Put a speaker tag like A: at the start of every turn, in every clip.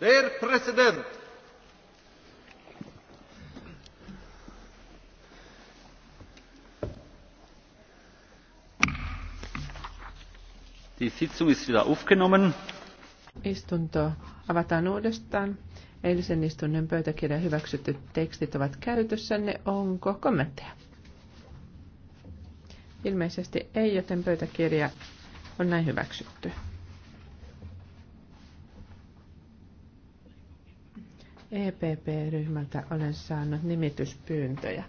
A: Herr president! Die Sitzung ist wieder aufgenommen.
B: Istunto avataan uudestaan. Eilisen istunnon pöytäkirjan hyväksytty tekstit ovat käytössänne. Onko kommentteja? Ilmeisesti ei, joten pöytäkirja on näin hyväksytty. EPP-ryhmältä olen saanut nimityspyyntöjä.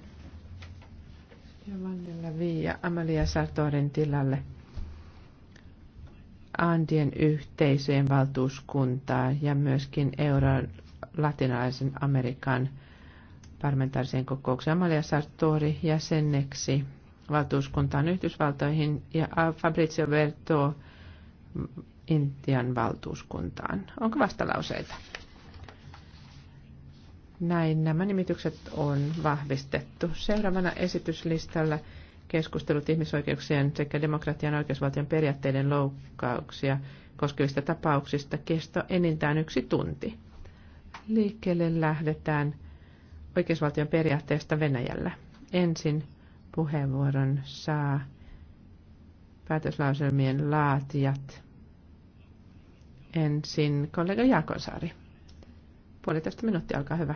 B: Giovanni Viia, Amalia Sartorin tilalle Andien yhteisöjen valtuuskuntaa ja myöskin euro latinalaisen Amerikan parlamentaariseen kokoukseen. Amalia Sartori jäseneksi valtuuskuntaan Yhdysvaltoihin ja Fabrizio Berto Intian valtuuskuntaan. Onko vastalauseita? Näin nämä nimitykset on vahvistettu. Seuraavana esityslistalla keskustelut ihmisoikeuksien sekä demokratian oikeusvaltion periaatteiden loukkauksia koskevista tapauksista kesto enintään yksi tunti. Liikkeelle lähdetään oikeusvaltion periaatteesta Venäjällä. Ensin puheenvuoron saa päätöslauselmien laatijat. Ensin kollega Jaakonsaari. Puolitoista minuuttia, olkaa hyvä.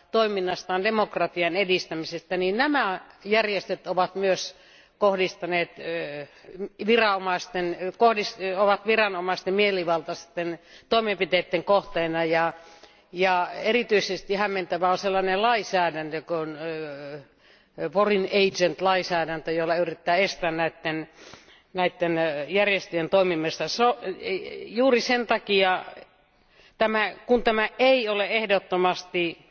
C: toiminnastaan demokratian edistämisestä niin nämä järjestöt ovat myös kohdistaneet viranomaisten, mielivaltaisten toimenpiteiden kohteena ja, erityisesti hämmentävää on sellainen lainsäädäntö kuin foreign agent lainsäädäntö jolla yritetään estää näiden, järjestöjen toimimista. juuri sen takia kun tämä ei ole ehdottomasti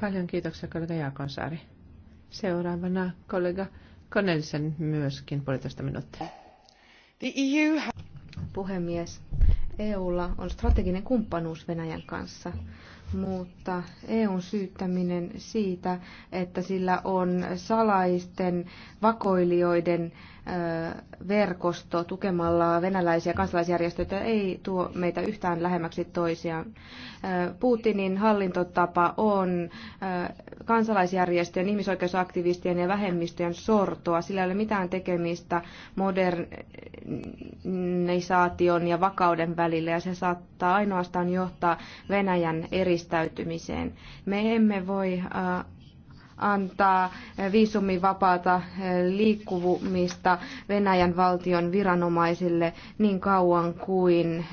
B: Paljon kiitoksia kollega Jaakonsaari. Seuraavana kollega Konelsen myöskin puolitoista minuuttia.
D: The EU ha- Puhemies, EUlla on strateginen kumppanuus Venäjän kanssa, mutta EUn syyttäminen siitä, että sillä on salaisten vakoilijoiden äh, verkosto tukemalla venäläisiä kansalaisjärjestöitä ei tuo meitä yhtään lähemmäksi toisiaan. Putinin hallintotapa on kansalaisjärjestöjen, ihmisoikeusaktivistien ja vähemmistöjen sortoa. Sillä ei ole mitään tekemistä modernisaation ja vakauden välillä ja se saattaa ainoastaan johtaa Venäjän eristäytymiseen. Me emme voi antaa viisumivapaata eh, liikkuvumista Venäjän valtion viranomaisille niin kauan kuin eh,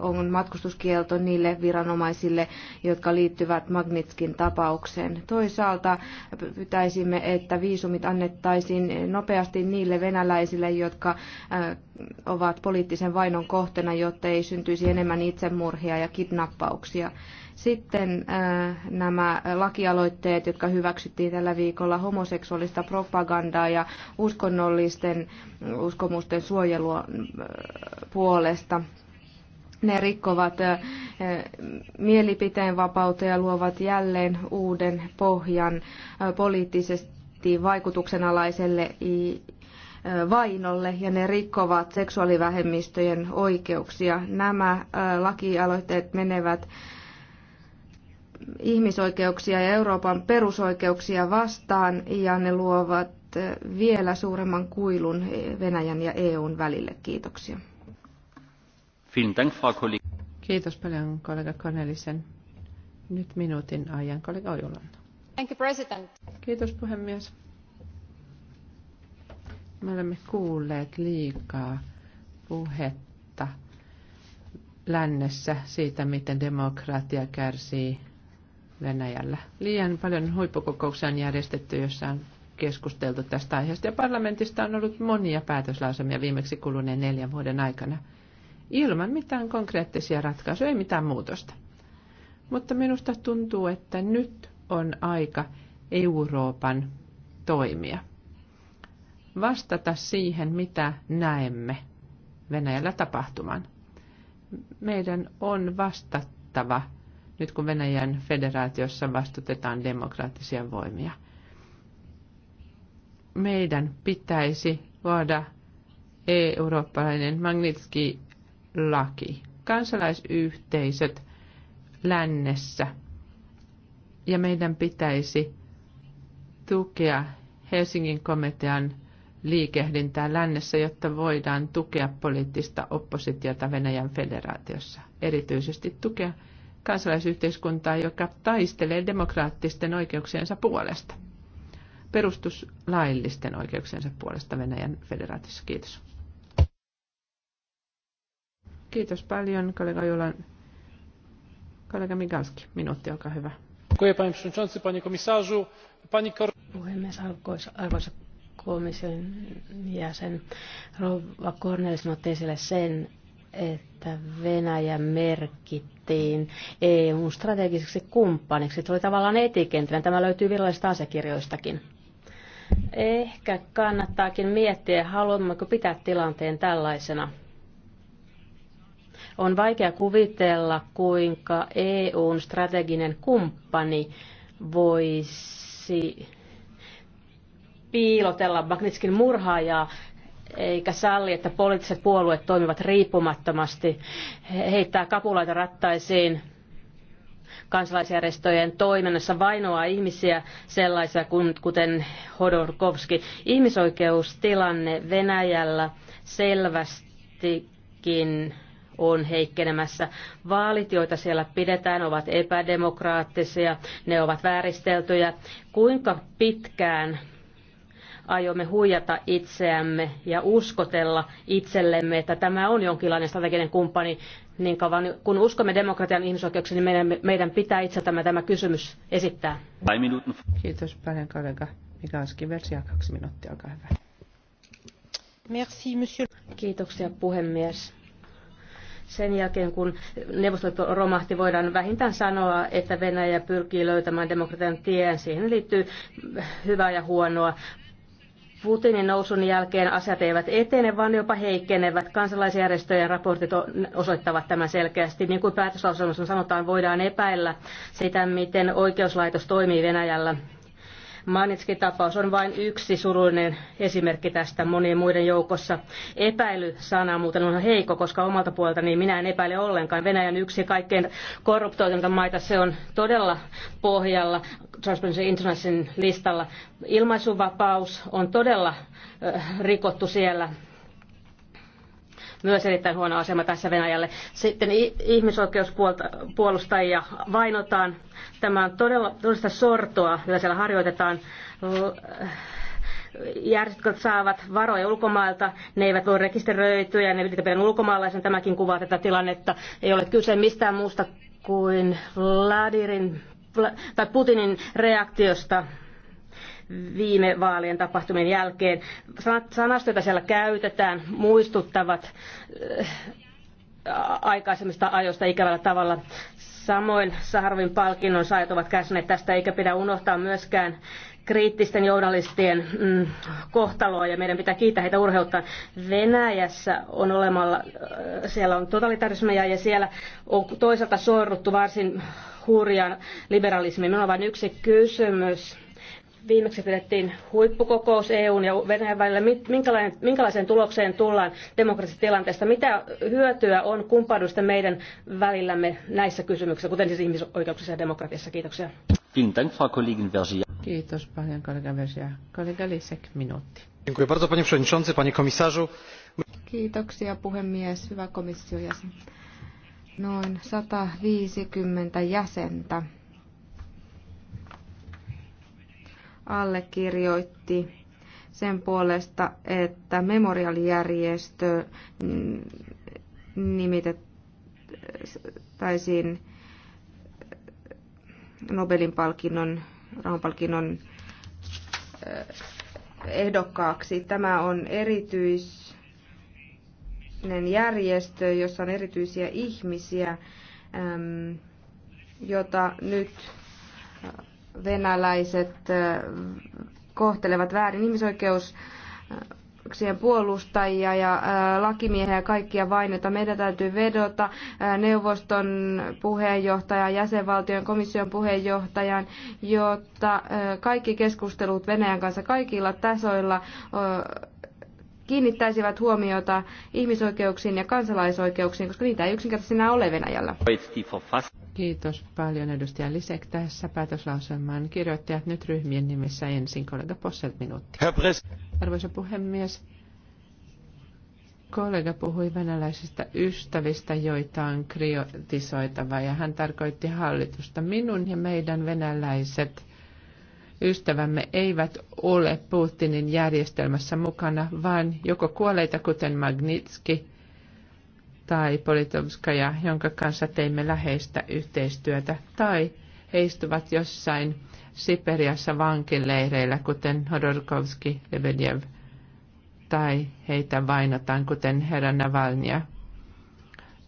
D: on matkustuskielto niille viranomaisille, jotka liittyvät Magnitskin tapaukseen. Toisaalta pyytäisimme, että viisumit annettaisiin nopeasti niille venäläisille, jotka eh, ovat poliittisen vainon kohteena, jotta ei syntyisi enemmän itsemurhia ja kidnappauksia. Sitten äh, nämä lakialoitteet, jotka hyväksyttiin tällä viikolla homoseksuaalista propagandaa ja uskonnollisten uskomusten suojelua äh, puolesta ne rikkovat äh, mielipiteen vapautta ja luovat jälleen uuden pohjan poliittisesti vaikutuksenalaiselle vainolle ja ne rikkovat seksuaalivähemmistöjen oikeuksia. Nämä lakialoitteet menevät ihmisoikeuksia ja Euroopan perusoikeuksia vastaan ja ne luovat vielä suuremman kuilun Venäjän ja EUn välille. Kiitoksia. Kiitos paljon kollega Cornelisen.
B: Nyt minuutin ajan kollega Ojulan.
A: Kiitos puhemies.
B: Me olemme kuulleet liikaa puhetta lännessä siitä, miten demokratia kärsii Venäjällä. Liian paljon huippukokouksia on järjestetty, jossa on keskusteltu tästä aiheesta ja parlamentista on ollut monia päätöslausumia viimeksi kuluneen neljän vuoden aikana. Ilman mitään konkreettisia ratkaisuja, ei mitään muutosta. Mutta minusta tuntuu, että nyt on aika Euroopan toimia. Vastata siihen, mitä näemme Venäjällä tapahtuman. Meidän on vastattava nyt kun Venäjän federaatiossa vastutetaan demokraattisia voimia. Meidän pitäisi luoda eurooppalainen Magnitski-laki. Kansalaisyhteisöt lännessä. Ja meidän pitäisi tukea Helsingin komitean liikehdintää lännessä, jotta voidaan tukea poliittista oppositiota Venäjän federaatiossa. Erityisesti tukea kansalaisyhteiskuntaa, joka taistelee demokraattisten oikeuksiensa puolesta, perustuslaillisten oikeuksiensa puolesta Venäjän federaatissa. Kiitos. Kiitos paljon, kollega Jolan. Kollega Migalski, minuutti, olkaa hyvä.
E: Panie przewodniczący, panie komisarzu, pani Kor... Puhemies, arvoisa, arvoisa komission jäsen Rova Cornelis otti esille sen, että Venäjä merkittiin EUn strategiseksi kumppaniksi. Se oli tavallaan etikentinen. Tämä löytyy virallisista asiakirjoistakin. Ehkä kannattaakin miettiä, haluammeko pitää tilanteen tällaisena. On vaikea kuvitella, kuinka EUn strateginen kumppani voisi piilotella Magnitskin murhaajaa eikä salli, että poliittiset puolueet toimivat riippumattomasti, heittää kapulaita rattaisiin kansalaisjärjestöjen toiminnassa vainoaa ihmisiä sellaisia kuin, kuten Hodorkovski. Ihmisoikeustilanne Venäjällä selvästikin on heikkenemässä. Vaalit, joita siellä pidetään, ovat epädemokraattisia, ne ovat vääristeltyjä. Kuinka pitkään aiomme huijata itseämme ja uskotella itsellemme, että tämä on jonkinlainen strateginen kumppani, niin kauan kun uskomme demokratian ihmisoikeuksiin, niin meidän, meidän pitää itse
B: tämä, tämä kysymys esittää. Kiitos paljon kollega. Mikä olisikin kaksi minuuttia, olkaa hyvä.
E: Merci, monsieur. Kiitoksia puhemies sen jälkeen, kun neuvostoliitto romahti, voidaan vähintään sanoa, että Venäjä pyrkii löytämään demokratian tien. Siihen liittyy hyvää ja huonoa. Putinin nousun jälkeen asiat eivät etene, vaan jopa heikkenevät. Kansalaisjärjestöjen raportit osoittavat tämän selkeästi. Niin kuin päätöslauselmassa sanotaan, voidaan epäillä sitä, miten oikeuslaitos toimii Venäjällä. Manitski-tapaus on vain yksi surullinen esimerkki tästä monien muiden joukossa. Epäily-sana muuten on heikko, koska omalta puolelta niin minä en epäile ollenkaan. Venäjän yksi kaikkein korruptoitunta maita, se on todella pohjalla Transparency Internationalin listalla. Ilmaisuvapaus on todella rikottu siellä myös erittäin huono asema tässä Venäjälle. Sitten ihmisoikeuspuolustajia vainotaan. Tämä on todella todellista sortoa, mitä siellä harjoitetaan järjestöt saavat varoja ulkomailta, ne eivät rekisteröityä, ja ne pidetään ulkomaalaisen, tämäkin kuvaa tätä tilannetta. Ei ole kyse mistään muusta kuin Vladirin tai Putinin reaktiosta viime vaalien tapahtumien jälkeen. Sanasta, joita siellä käytetään, muistuttavat äh, aikaisemmista ajoista ikävällä tavalla. Samoin Saharovin palkinnon saajat ovat kärsineet tästä, eikä pidä unohtaa myöskään kriittisten journalistien mm, kohtaloa ja meidän pitää kiittää heitä urheuttaan. Venäjässä on olemalla, äh, siellä on totalitarismeja ja siellä on toisaalta sorruttu varsin hurjaan liberalismiin. Minulla on vain yksi kysymys Viimeksi pidettiin huippukokous EUn ja Venäjän välillä. minkälaiseen tulokseen tullaan demokraattisesta tilanteesta? Mitä hyötyä on kumppanuudesta meidän välillämme näissä kysymyksissä, kuten siis ihmisoikeuksissa ja
B: demokratiassa? Kiitoksia. Kiitos paljon, kollega Versia. Kollega Lisek,
A: minuutti.
D: Kiitoksia puhemies, hyvä komissio jäsen. Noin 150 jäsentä allekirjoitti sen puolesta, että memorialijärjestö mm, nimitettäisiin Nobelin palkinnon, rahanpalkinnon eh, ehdokkaaksi. Tämä on erityinen järjestö, jossa on erityisiä ihmisiä, jota nyt venäläiset kohtelevat väärin ihmisoikeus puolustajia ja lakimiehiä ja kaikkia vainota. Meidän täytyy vedota neuvoston puheenjohtajan, jäsenvaltion komission puheenjohtajan, jotta kaikki keskustelut Venäjän kanssa kaikilla tasoilla kiinnittäisivät huomiota ihmisoikeuksiin ja kansalaisoikeuksiin, koska niitä ei yksinkertaisesti enää ole Venäjällä. Kiitos paljon edustaja
B: Lisek tässä päätöslauselman kirjoittajat nyt ryhmien nimissä ensin kollega Posselt minuutti. Arvoisa puhemies, kollega puhui venäläisistä ystävistä, joita on kriotisoitava ja hän tarkoitti hallitusta. Minun ja meidän venäläiset ystävämme eivät ole Putinin järjestelmässä mukana, vaan joko kuoleita kuten Magnitski – tai Politomskaja, jonka kanssa teimme läheistä yhteistyötä, tai he istuvat jossain Siperiassa vankileireillä, kuten Hodorkovski, Lebedev, tai heitä vainotaan, kuten herra Navalnia,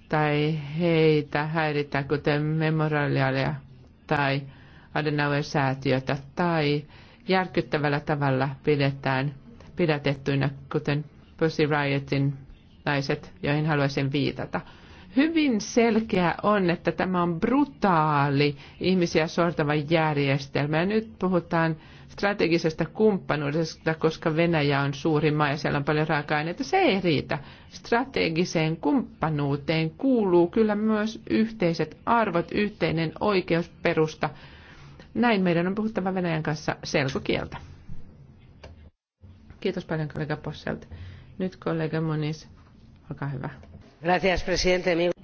B: tai heitä häiritään, kuten memorialia tai Adenauer-säätiötä, tai järkyttävällä tavalla pidetään pidätettyinä, kuten Pussy Riotin kaltaiset, joihin haluaisin viitata. Hyvin selkeä on, että tämä on brutaali ihmisiä sortava järjestelmä. Ja nyt puhutaan strategisesta kumppanuudesta, koska Venäjä on suuri maa ja siellä on paljon raaka-aineita. Se ei riitä. Strategiseen kumppanuuteen kuuluu kyllä myös yhteiset arvot, yhteinen oikeusperusta. Näin meidän on puhuttava Venäjän kanssa selkokieltä. Kiitos paljon kollega Posselt. Nyt kollega Monis Olkaa hyvä.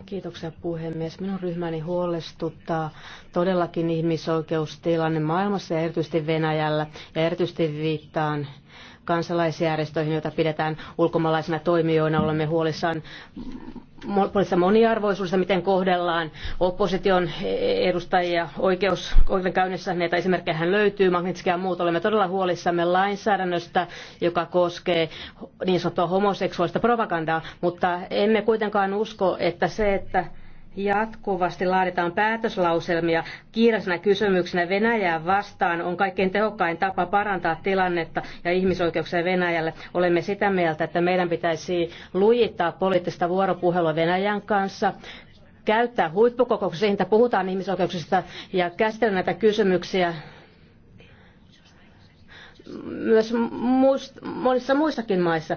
E: Kiitoksia puhemies. Minun ryhmäni huolestuttaa todellakin ihmisoikeustilanne maailmassa ja erityisesti Venäjällä ja erityisesti viittaan kansalaisjärjestöihin, joita pidetään ulkomaalaisina toimijoina. Olemme huolissaan moniarvoisuudesta, miten kohdellaan opposition edustajia oikeus, oikeudenkäynnissä. Näitä esimerkkejä hän löytyy, Magnitski ja muut. Olemme todella huolissamme lainsäädännöstä, joka koskee niin sanottua homoseksuaalista propagandaa, mutta emme kuitenkaan usko, että se, että jatkuvasti laaditaan päätöslauselmia kiireisenä kysymyksenä Venäjää vastaan on kaikkein tehokkain tapa parantaa tilannetta ja ihmisoikeuksia Venäjälle. Olemme sitä mieltä, että meidän pitäisi lujittaa poliittista vuoropuhelua Venäjän kanssa, käyttää huippukokouksia, siitä puhutaan ihmisoikeuksista ja käsitellä näitä kysymyksiä myös muist, monissa muissakin maissa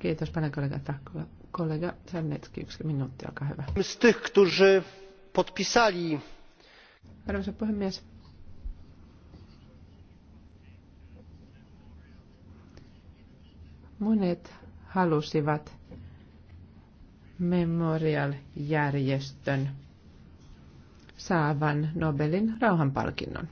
B: Kiitos paljon kollega Takula. Kollega Czarnecki, yksi minuutti, olkaa hyvä. Tych, którzy podpisali... Arvoisa puhemies. Monet halusivat Memorial-järjestön saavan Nobelin rauhanpalkinnon.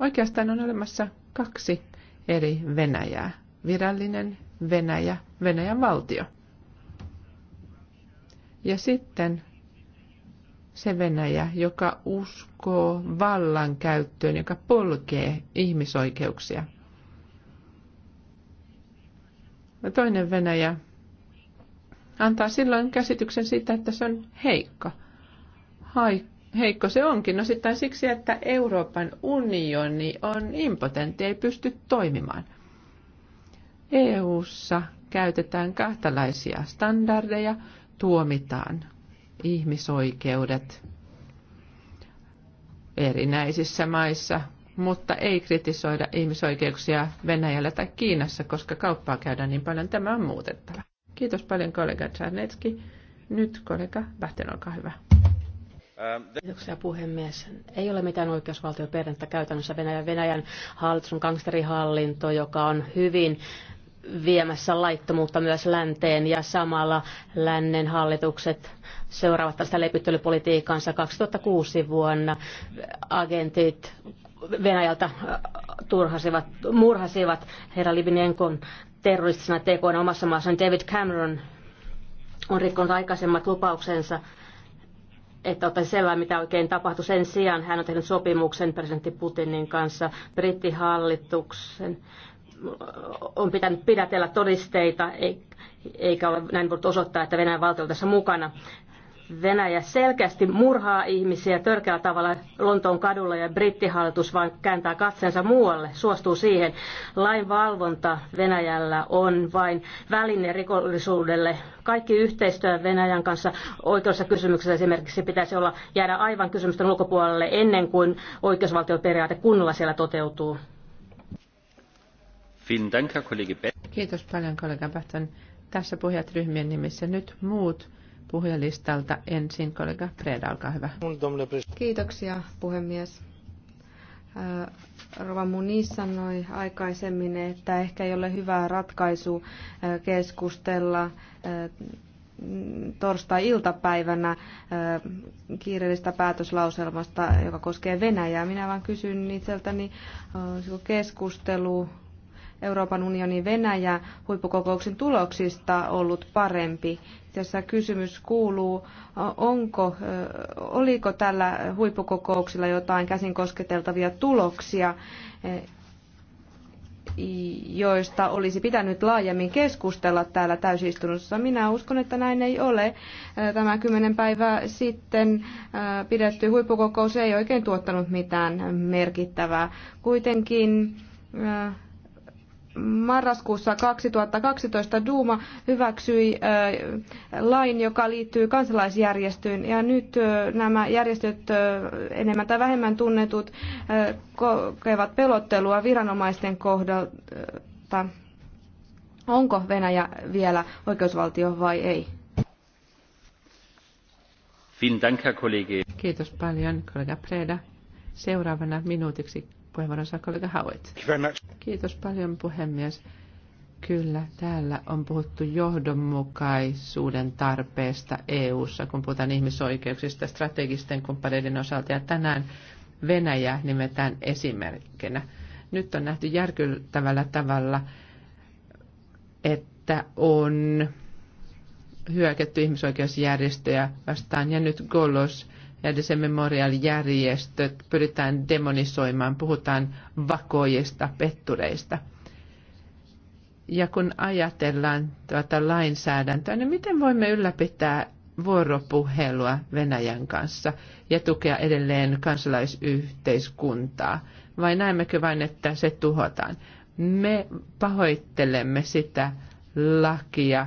B: Oikeastaan on olemassa kaksi eri Venäjää. Virallinen Venäjä, Venäjän valtio. Ja sitten se Venäjä, joka uskoo vallankäyttöön, joka polkee ihmisoikeuksia. Ja toinen Venäjä antaa silloin käsityksen siitä, että se on heikko, heikko se onkin? No sitten siksi, että Euroopan unioni on impotentti, ei pysty toimimaan. EU:ssa käytetään kahtalaisia standardeja, tuomitaan ihmisoikeudet erinäisissä maissa, mutta ei kritisoida ihmisoikeuksia Venäjällä tai Kiinassa, koska kauppaa käydään niin paljon. Tämä on muutettava. Kiitos paljon kollega Czarnetski. Nyt kollega Bähten, olkaa hyvä.
A: Ähm, Kiitoksia
B: puhemies. Ei ole mitään
E: oikeusvaltioperinnettä käytännössä Venäjän, Venäjän hallitus on gangsterihallinto, joka on hyvin viemässä laittomuutta myös länteen ja samalla lännen hallitukset seuraavat tästä lepyttelypolitiikansa 2006 vuonna. Agentit Venäjältä äh, turhasivat, murhasivat herra Libinenkon terroristisena tekoina omassa maassaan. David Cameron on rikkonut aikaisemmat lupauksensa että ottaisi selvää, mitä oikein tapahtui. Sen sijaan hän on tehnyt sopimuksen presidentti Putinin kanssa brittihallituksen on pitänyt pidätellä todisteita, eikä ole näin voinut osoittaa, että Venäjän valtio on tässä mukana. Venäjä selkeästi murhaa ihmisiä törkeällä tavalla Lontoon kadulla ja brittihallitus vain kääntää katseensa muualle, suostuu siihen. Lainvalvonta Venäjällä on vain väline rikollisuudelle. Kaikki yhteistyö Venäjän kanssa oikeudessa kysymyksessä esimerkiksi pitäisi olla jäädä aivan kysymysten ulkopuolelle ennen kuin
B: oikeusvaltioperiaate kunnolla siellä toteutuu. Kiitos paljon kollega Pähtön. Tässä puhujat ryhmien nimissä nyt muut puhujalistalta ensin kollega Preda, olkaa hyvä.
D: Kiitoksia puhemies. Rova Muniz sanoi aikaisemmin, että ehkä ei ole hyvä ratkaisu keskustella torstai-iltapäivänä kiireellistä päätöslauselmasta, joka koskee Venäjää. Minä vain kysyn itseltäni, olisiko keskustelu Euroopan unionin Venäjä huippukokouksen tuloksista ollut parempi. Tässä kysymys kuuluu, onko, oliko tällä huippukokouksella jotain käsin kosketeltavia tuloksia, e, joista olisi pitänyt laajemmin keskustella täällä täysistunnossa. Minä uskon, että näin ei ole. E, tämä kymmenen päivää sitten e, pidetty huippukokous ei oikein tuottanut mitään merkittävää. Kuitenkin marraskuussa 2012 Duuma hyväksyi lain, joka liittyy kansalaisjärjestöön. Ja nyt nämä järjestöt, enemmän tai vähemmän tunnetut, kokevat pelottelua viranomaisten kohdalta. Onko Venäjä vielä oikeusvaltio vai ei? Kiitos paljon, kollega Preda.
B: Seuraavana minuutiksi puheenvuoronsa kollega Howitt. Kiitos paljon puhemies. Kyllä, täällä on puhuttu johdonmukaisuuden tarpeesta EU:ssa, kun puhutaan ihmisoikeuksista strategisten kumppaneiden osalta. Ja tänään Venäjä nimetään esimerkkinä. Nyt on nähty järkyttävällä tavalla, että on hyökätty ihmisoikeusjärjestöjä vastaan ja nyt Golos – ja se memorial pyritään demonisoimaan, puhutaan vakoista pettureista. Ja kun ajatellaan tuota lainsäädäntöä, niin miten voimme ylläpitää vuoropuhelua Venäjän kanssa ja tukea edelleen kansalaisyhteiskuntaa? Vai näemmekö vain, että se tuhotaan? Me pahoittelemme sitä lakia,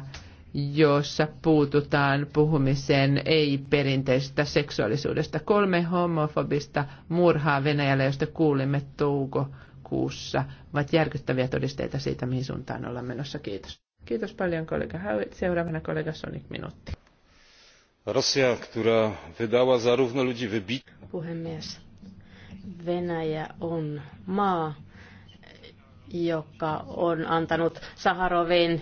B: jossa puututaan puhumiseen ei-perinteisestä seksuaalisuudesta. Kolme homofobista murhaa Venäjällä, josta kuulimme toukokuussa, ovat järkyttäviä todisteita siitä, mihin suuntaan ollaan menossa. Kiitos. Kiitos paljon kollega Howitt. Seuraavana kollega Sonic Minuutti.
C: Rosja, która wydała zarówno ludzi wybitnych...
B: Puhemies.
E: Venäjä on maa, joka on antanut Saharovin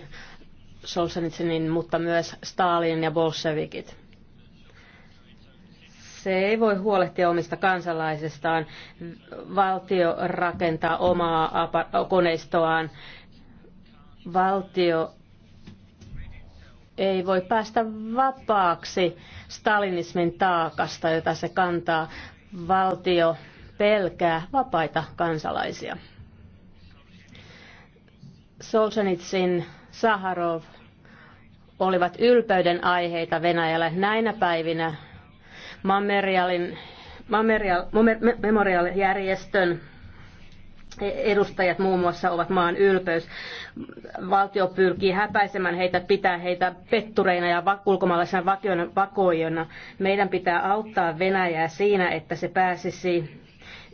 E: Solzhenitsynin, mutta myös Stalin ja bolshevikit. Se ei voi huolehtia omista kansalaisistaan. Valtio rakentaa omaa koneistoaan. Valtio ei voi päästä vapaaksi stalinismin taakasta, jota se kantaa. Valtio pelkää vapaita kansalaisia. Solzhenitsin, Saharov olivat ylpeyden aiheita Venäjälle näinä päivinä. Mammerialin, Mammerial, Memorial-järjestön edustajat muun muassa ovat maan ylpeys. Valtio pyrkii häpäisemään heitä, pitää heitä pettureina ja ulkomaalaisena vakoijana. Meidän pitää auttaa Venäjää siinä, että se pääsisi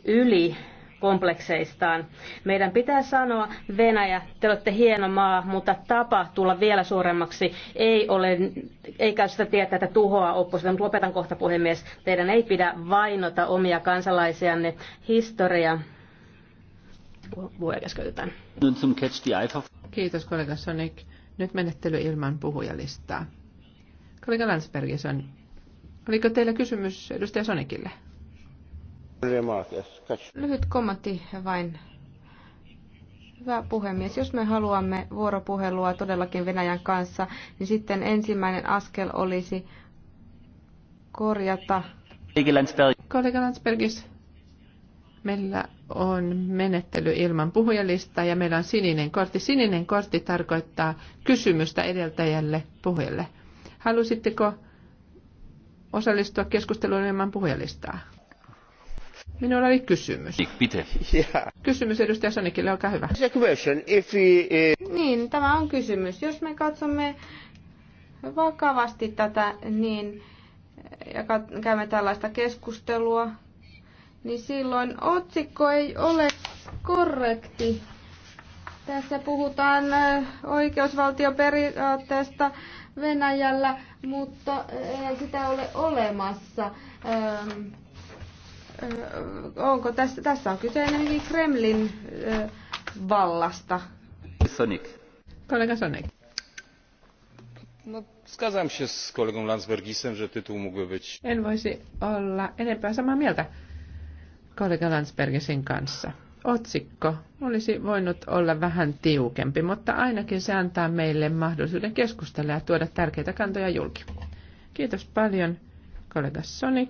E: yli komplekseistaan. Meidän pitää sanoa, Venäjä, te olette hieno maa, mutta tapa tulla vielä suuremmaksi ei ole, ei käy sitä tietää, että tuhoa oppositiota. Mutta lopetan kohta puhemies. Teidän ei pidä vainota omia kansalaisianne.
B: Historia vuoja keskeytetään. Kiitos kollega Sonic. Nyt menettely ilman puhujalistaa. Kollega Landsbergis on.
D: Oliko teillä kysymys edustaja Sonikille? Lyhyt kommentti vain. Hyvä puhemies. Jos me haluamme vuoropuhelua todellakin Venäjän kanssa, niin sitten ensimmäinen askel olisi korjata. Kollega Landsbergis,
B: meillä on menettely ilman puhujalista ja meillä on sininen kortti. Sininen kortti tarkoittaa kysymystä edeltäjälle puhujalle. Halusitteko osallistua keskusteluun ilman puhujalistaa? Minulla oli
D: kysymys. Pite. Kysymys edustaja Sonikille, olkaa hyvä. Eh, niin, tämä on kysymys. Jos me katsomme vakavasti tätä niin, ja käymme tällaista keskustelua, niin silloin otsikko ei ole korrekti. Tässä puhutaan eh, oikeusvaltioperiaatteesta Venäjällä, mutta eh, sitä ei ole olemassa. Ehm, onko tässä, tässä on kyse enemmänkin Kremlin vallasta. Sonic. Kollega Sonic. No,
F: skazam się z kolegą Landsbergisem, że tytuł mógłby być...
B: En voisi olla enempää samaa mieltä kollega Landsbergisin kanssa. Otsikko olisi voinut olla vähän tiukempi, mutta ainakin se antaa meille mahdollisuuden keskustella ja tuoda tärkeitä kantoja julki. Kiitos paljon, kollega Sonic.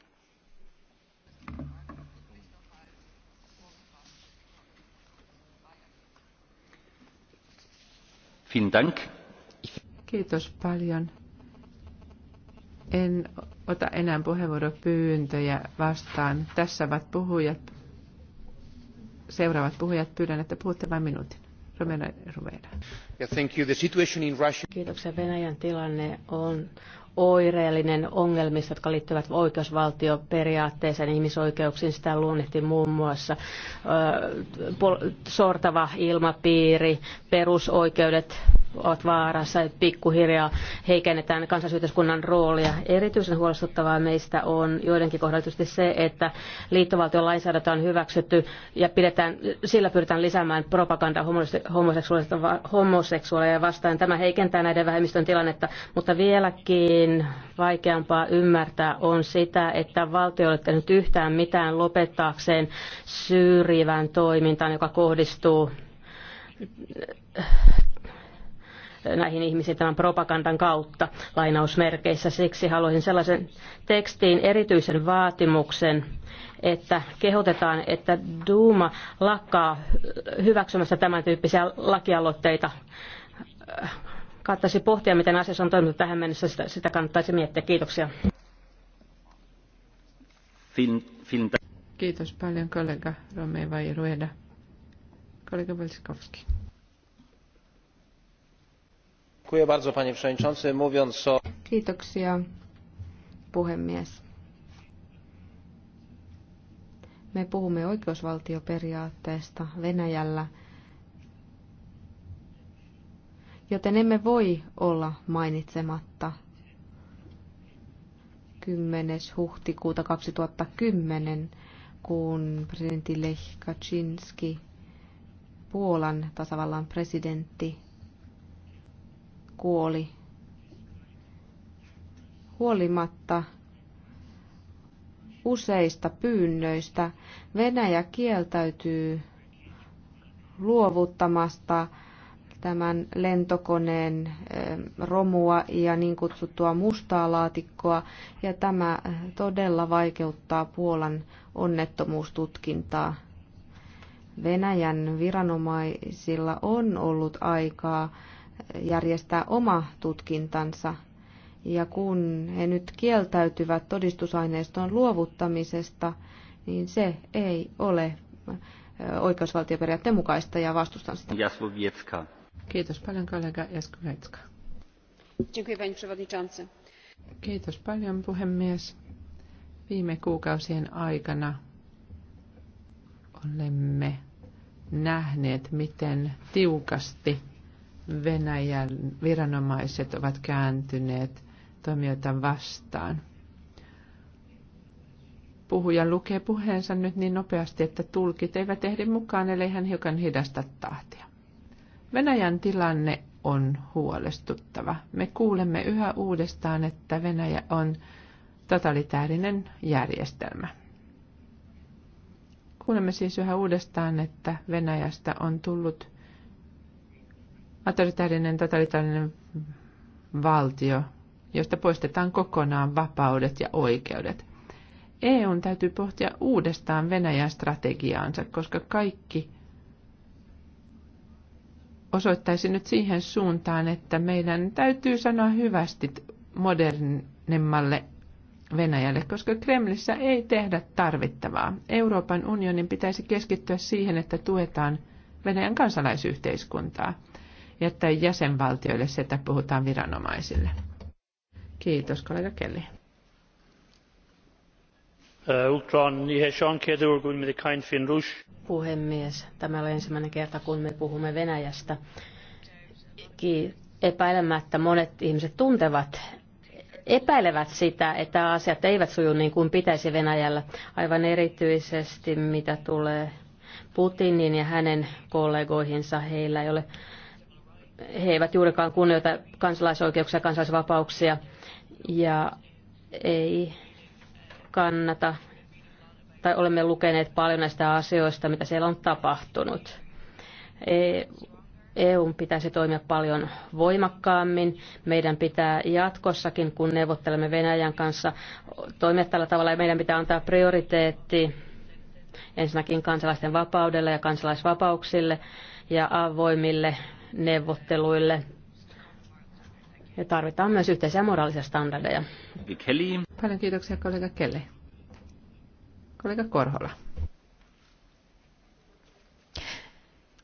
B: Kiitos paljon. En ota enää puheenvuoropyyntöjä vastaan. Tässä ovat puhujat. Seuraavat puhujat pyydän, että puhutte vain minuutin. Romero, Romero.
E: Kiitoksia. Venäjän tilanne on oireellinen ongelmista, jotka liittyvät oikeusvaltioperiaatteeseen, ihmisoikeuksiin. Sitä luonnehti muun muassa sortava ilmapiiri, perusoikeudet, ovat vaarassa, että pikkuhiljaa heikennetään kansallisyhteiskunnan roolia. Erityisen huolestuttavaa meistä on joidenkin kohdalla se, että liittovaltion lainsäädäntö on hyväksytty ja pidetään, sillä pyritään lisäämään propagandaa homoseksuaaleja vastaan. Tämä heikentää näiden vähemmistön tilannetta, mutta vieläkin vaikeampaa ymmärtää on sitä, että valtio ei ole tehnyt yhtään mitään lopettaakseen syrjivän toimintaan, joka kohdistuu näihin ihmisiin tämän propagandan kautta lainausmerkeissä. Siksi haluaisin sellaisen tekstiin erityisen vaatimuksen, että kehotetaan, että Duuma lakkaa hyväksymässä tämän tyyppisiä lakialoitteita kannattaisi pohtia, miten asiassa on toiminut tähän mennessä. Sitä, sitä kannattaisi miettiä. Kiitoksia.
B: Kiitos paljon kollega Romeva Irueda.
D: Kollega Velsikovski. Kiitoksia, puhemies. Me puhumme oikeusvaltioperiaatteesta Venäjällä, joten emme voi olla mainitsematta 10. huhtikuuta 2010, kun presidentti Lech Kaczynski, Puolan tasavallan presidentti, kuoli huolimatta useista pyynnöistä. Venäjä kieltäytyy luovuttamasta tämän lentokoneen eh, romua ja niin kutsuttua mustaa laatikkoa, ja tämä todella vaikeuttaa Puolan onnettomuustutkintaa. Venäjän viranomaisilla on ollut aikaa järjestää oma tutkintansa. Ja kun he nyt kieltäytyvät todistusaineiston luovuttamisesta, niin se ei ole oikeusvaltioperiaatteen mukaista ja vastustan sitä. Kiitos paljon
G: kollega Jasłowiecka. Kiitos
B: paljon puhemies. Viime kuukausien aikana olemme nähneet, miten tiukasti Venäjän viranomaiset ovat kääntyneet toimijoita vastaan. Puhuja lukee puheensa nyt niin nopeasti, että tulkit eivät ehdi mukaan, ellei hän hiukan hidasta tahtia. Venäjän tilanne on huolestuttava. Me kuulemme yhä uudestaan, että Venäjä on totalitäärinen järjestelmä. Kuulemme siis yhä uudestaan, että Venäjästä on tullut autoritaarinen totalitaarinen valtio, josta poistetaan kokonaan vapaudet ja oikeudet. EUn täytyy pohtia uudestaan Venäjän strategiaansa, koska kaikki osoittaisi nyt siihen suuntaan, että meidän täytyy sanoa hyvästi modernimmalle Venäjälle, koska Kremlissä ei tehdä tarvittavaa. Euroopan unionin pitäisi keskittyä siihen, että tuetaan Venäjän kansalaisyhteiskuntaa – jättää jäsenvaltioille se, että puhutaan viranomaisille. Kiitos, kollega Kelly.
A: Uh, niin
B: Puhemies,
E: tämä oli ensimmäinen kerta, kun me puhumme Venäjästä. Epäilemättä monet ihmiset tuntevat epäilevät sitä, että asiat eivät suju niin kuin pitäisi Venäjällä, aivan erityisesti mitä tulee Putinin ja hänen kollegoihinsa. Heillä ei ole he eivät juurikaan kunnioita kansalaisoikeuksia ja kansalaisvapauksia ja ei kannata, tai olemme lukeneet paljon näistä asioista, mitä siellä on tapahtunut. E- EUn pitäisi toimia paljon voimakkaammin. Meidän pitää jatkossakin, kun neuvottelemme Venäjän kanssa, toimia tällä tavalla ja meidän pitää antaa prioriteetti ensinnäkin kansalaisten vapaudelle ja kansalaisvapauksille ja avoimille neuvotteluille.
B: Ja tarvitaan myös yhteisiä moraalisia standardeja. Kelly. Paljon kiitoksia kollega Kelly.
G: Kollega Korhola.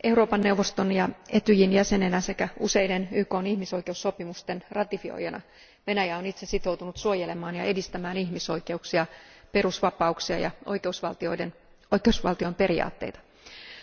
G: Euroopan neuvoston ja Etyjin jäsenenä sekä useiden YKn ihmisoikeussopimusten ratifioijana Venäjä on itse sitoutunut suojelemaan ja edistämään ihmisoikeuksia, perusvapauksia ja oikeusvaltioiden, oikeusvaltion periaatteita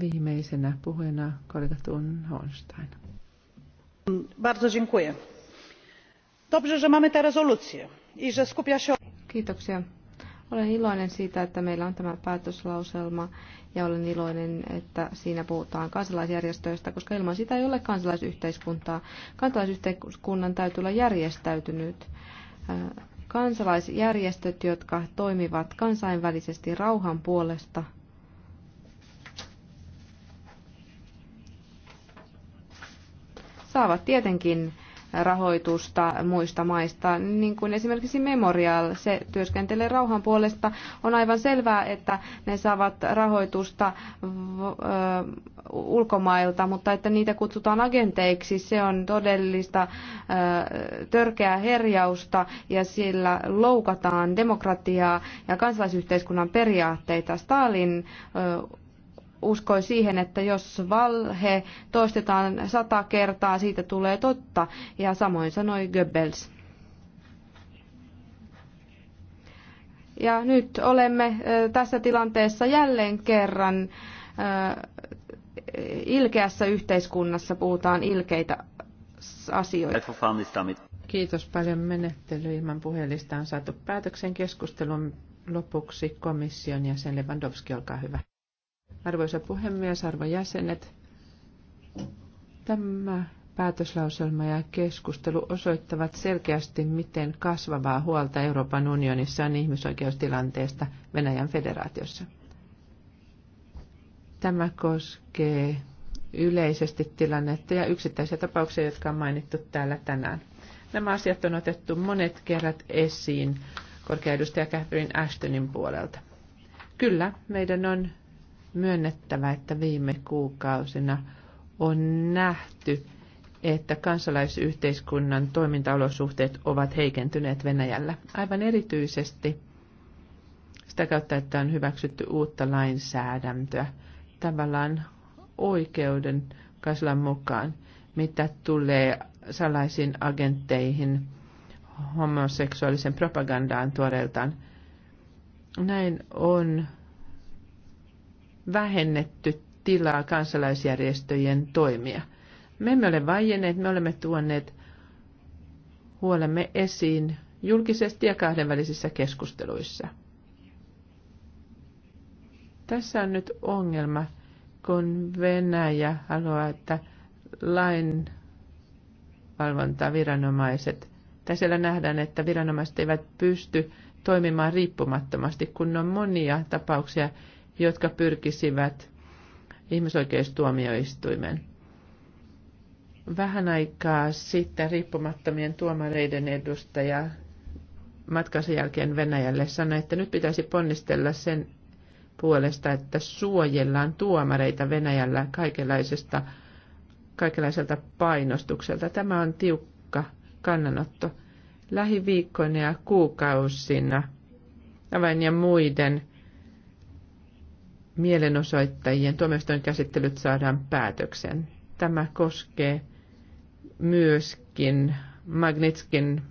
B: viimeisenä puhujana kollega Thun Hornstein.
D: Kiitoksia. Olen iloinen siitä, että meillä on tämä päätöslauselma ja olen iloinen, että siinä puhutaan kansalaisjärjestöistä, koska ilman sitä ei ole kansalaisyhteiskuntaa. Kansalaisyhteiskunnan täytyy olla järjestäytynyt. Kansalaisjärjestöt, jotka toimivat kansainvälisesti rauhan puolesta – saavat tietenkin rahoitusta muista maista, niin kuin esimerkiksi Memorial, se työskentelee rauhan puolesta. On aivan selvää, että ne saavat rahoitusta ulkomailta, mutta että niitä kutsutaan agenteiksi, se on todellista törkeää herjausta ja sillä loukataan demokratiaa ja kansalaisyhteiskunnan periaatteita. Stalin uskoi siihen, että jos valhe toistetaan sata kertaa, siitä tulee totta, ja samoin sanoi Goebbels. Ja nyt olemme tässä tilanteessa jälleen kerran ilkeässä yhteiskunnassa, puhutaan ilkeitä
A: asioita.
D: Kiitos paljon
B: menettely ilman puhelista on saatu päätöksen keskustelun lopuksi komission jäsen Lewandowski, olkaa hyvä. Arvoisa puhemies, arvon jäsenet, tämä päätöslauselma ja keskustelu osoittavat selkeästi, miten kasvavaa huolta Euroopan unionissa on ihmisoikeustilanteesta Venäjän federaatiossa. Tämä koskee yleisesti tilannetta ja yksittäisiä tapauksia, jotka on mainittu täällä tänään. Nämä asiat on otettu monet kerrat esiin korkea edustaja Catherine Ashtonin puolelta. Kyllä, meidän on myönnettävä, että viime kuukausina on nähty, että kansalaisyhteiskunnan toimintaolosuhteet ovat heikentyneet Venäjällä. Aivan erityisesti sitä kautta, että on hyväksytty uutta lainsäädäntöä tavallaan oikeuden kaslan mukaan, mitä tulee salaisiin agentteihin, homoseksuaalisen propagandaan tuoreeltaan. Näin on vähennetty tilaa kansalaisjärjestöjen toimia. Me emme ole vaienneet, me olemme tuoneet huolemme esiin julkisesti ja kahdenvälisissä keskusteluissa. Tässä on nyt ongelma, kun Venäjä haluaa, että lainvalvontaviranomaiset, tai siellä nähdään, että viranomaiset eivät pysty toimimaan riippumattomasti, kun on monia tapauksia, jotka pyrkisivät ihmisoikeustuomioistuimen. Vähän aikaa sitten riippumattomien tuomareiden edustaja matkansa jälkeen Venäjälle sanoi, että nyt pitäisi ponnistella sen puolesta, että suojellaan tuomareita Venäjällä kaikenlaisesta, kaikenlaiselta painostukselta. Tämä on tiukka kannanotto. Lähiviikkoina ja kuukausina avain ja muiden – mielenosoittajien tuomioistuin käsittelyt saadaan päätöksen. Tämä koskee myöskin Magnitskin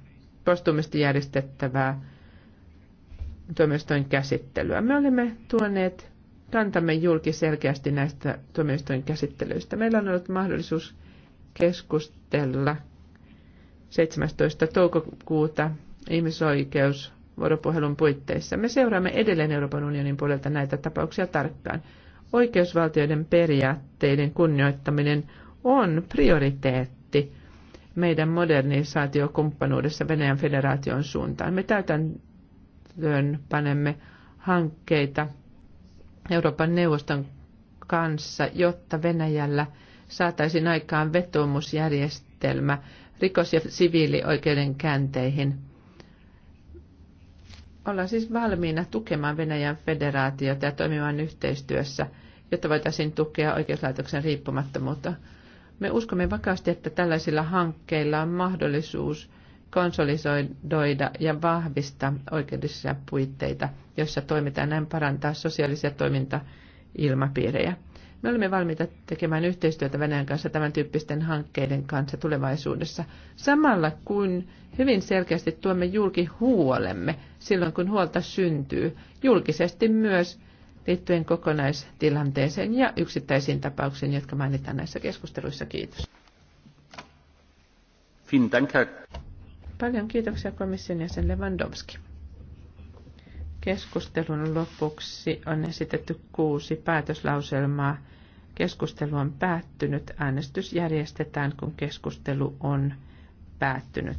B: postumisti järjestettävää tuomioistuin käsittelyä. Me olemme tuoneet kantamme julki selkeästi näistä tuomioistuin käsittelyistä. Meillä on ollut mahdollisuus keskustella 17. toukokuuta ihmisoikeus vuoropuhelun puitteissa. Me seuraamme edelleen Euroopan unionin puolelta näitä tapauksia tarkkaan. Oikeusvaltioiden periaatteiden kunnioittaminen on prioriteetti meidän modernisaatiokumppanuudessa Venäjän federaation suuntaan. Me täytäntöön panemme hankkeita Euroopan neuvoston kanssa, jotta Venäjällä saataisiin aikaan vetoomusjärjestelmä rikos- ja siviilioikeuden käänteihin – ollaan siis valmiina tukemaan Venäjän federaatiota ja toimimaan yhteistyössä, jotta voitaisiin tukea oikeuslaitoksen riippumattomuutta. Me uskomme vakaasti, että tällaisilla hankkeilla on mahdollisuus konsolisoida ja vahvistaa oikeudellisia puitteita, joissa toimitaan näin parantaa sosiaalisia toimintailmapiirejä. Me olemme valmiita tekemään yhteistyötä Venäjän kanssa tämän tyyppisten hankkeiden kanssa tulevaisuudessa, samalla kuin hyvin selkeästi tuomme julki huolemme silloin, kun huolta syntyy, julkisesti myös liittyen kokonaistilanteeseen ja yksittäisiin tapauksiin, jotka mainitaan näissä keskusteluissa. Kiitos. Paljon kiitoksia komission jäsen Lewandowski. Keskustelun lopuksi on esitetty kuusi päätöslauselmaa. Keskustelu on päättynyt. Äänestys järjestetään, kun keskustelu on päättynyt.